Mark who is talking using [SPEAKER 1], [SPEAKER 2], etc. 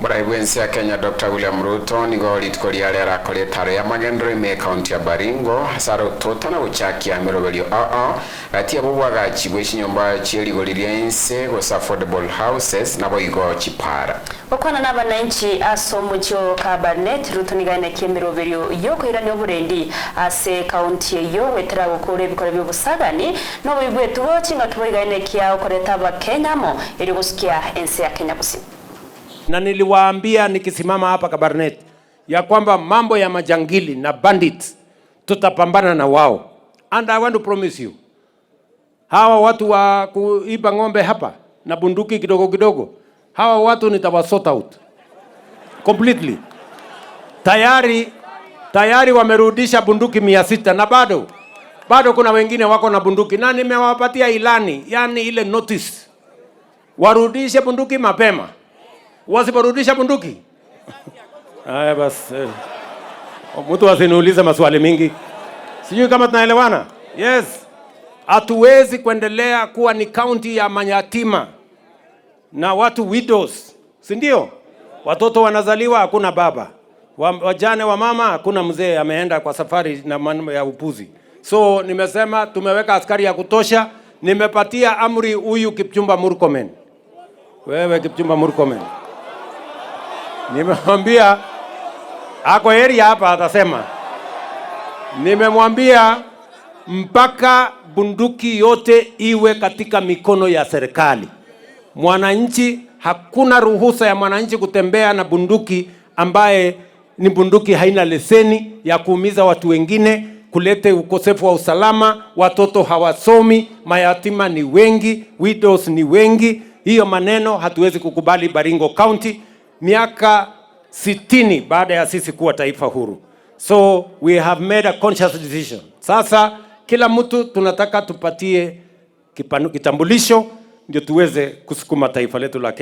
[SPEAKER 1] mũraigwensi ya kenya dr william ruto nigo ritukũria rĩa rakorĩta rĩa magendro ime kaunti ya baringo hasara tota na gũchakia mĩrũgĩrio oo oh, oh, gatia gũgwaga chigwe cinyũmba chiĩrigũrĩrie inse gũsa affordable houses nabo igo chipara
[SPEAKER 2] gũkwana na bananchi aso ah, mujio kabarnet ruto nigaenekie mĩrũgĩrio yokwĩranio bũrendi ase ah, kaunti ĩyo gwetera gũkũra ebikore by'obusagani no bibwetugo ching'aki baigaenekia ũkoreta abakenya mo ĩrĩ gũsikia ense ya kenya busimu
[SPEAKER 3] na niliwaambia nikisimama hapa Kabarnet ya kwamba mambo ya majangili na bandit tutapambana na wao, and I want to promise you, hawa watu wa kuiba ng'ombe hapa na bunduki kidogo kidogo, hawa watu nitawasort out completely. Tayari tayari wamerudisha bunduki mia sita na bado bado kuna wengine wako na bunduki, na nimewapatia ilani, yani ile notice warudishe bunduki mapema wasiporudisha bunduki. Haya basi, eh. oh, mtu asiniulize maswali mingi, sijui kama tunaelewana. Yes, hatuwezi kuendelea kuwa ni kaunti ya mayatima na watu widows, si ndio? Watoto wanazaliwa hakuna baba, wajane wa mama hakuna mzee, ameenda kwa safari na maneno ya upuzi. So nimesema tumeweka askari ya kutosha, nimepatia amri huyu Kipchumba Murkomen. Wewe Kipchumba Murkomen Nimemwambia ako area hapa, atasema nimemwambia mpaka bunduki yote iwe katika mikono ya serikali. Mwananchi, hakuna ruhusa ya mwananchi kutembea na bunduki ambaye ni bunduki haina leseni ya kuumiza watu wengine, kulete ukosefu wa usalama. Watoto hawasomi, mayatima ni wengi, widows ni wengi. Hiyo maneno hatuwezi kukubali Baringo County miaka sitini baada ya sisi kuwa taifa huru. So we have made a conscious decision. Sasa kila mtu tunataka tupatie kitambulisho ndio tuweze kusukuma taifa letu la Kenya.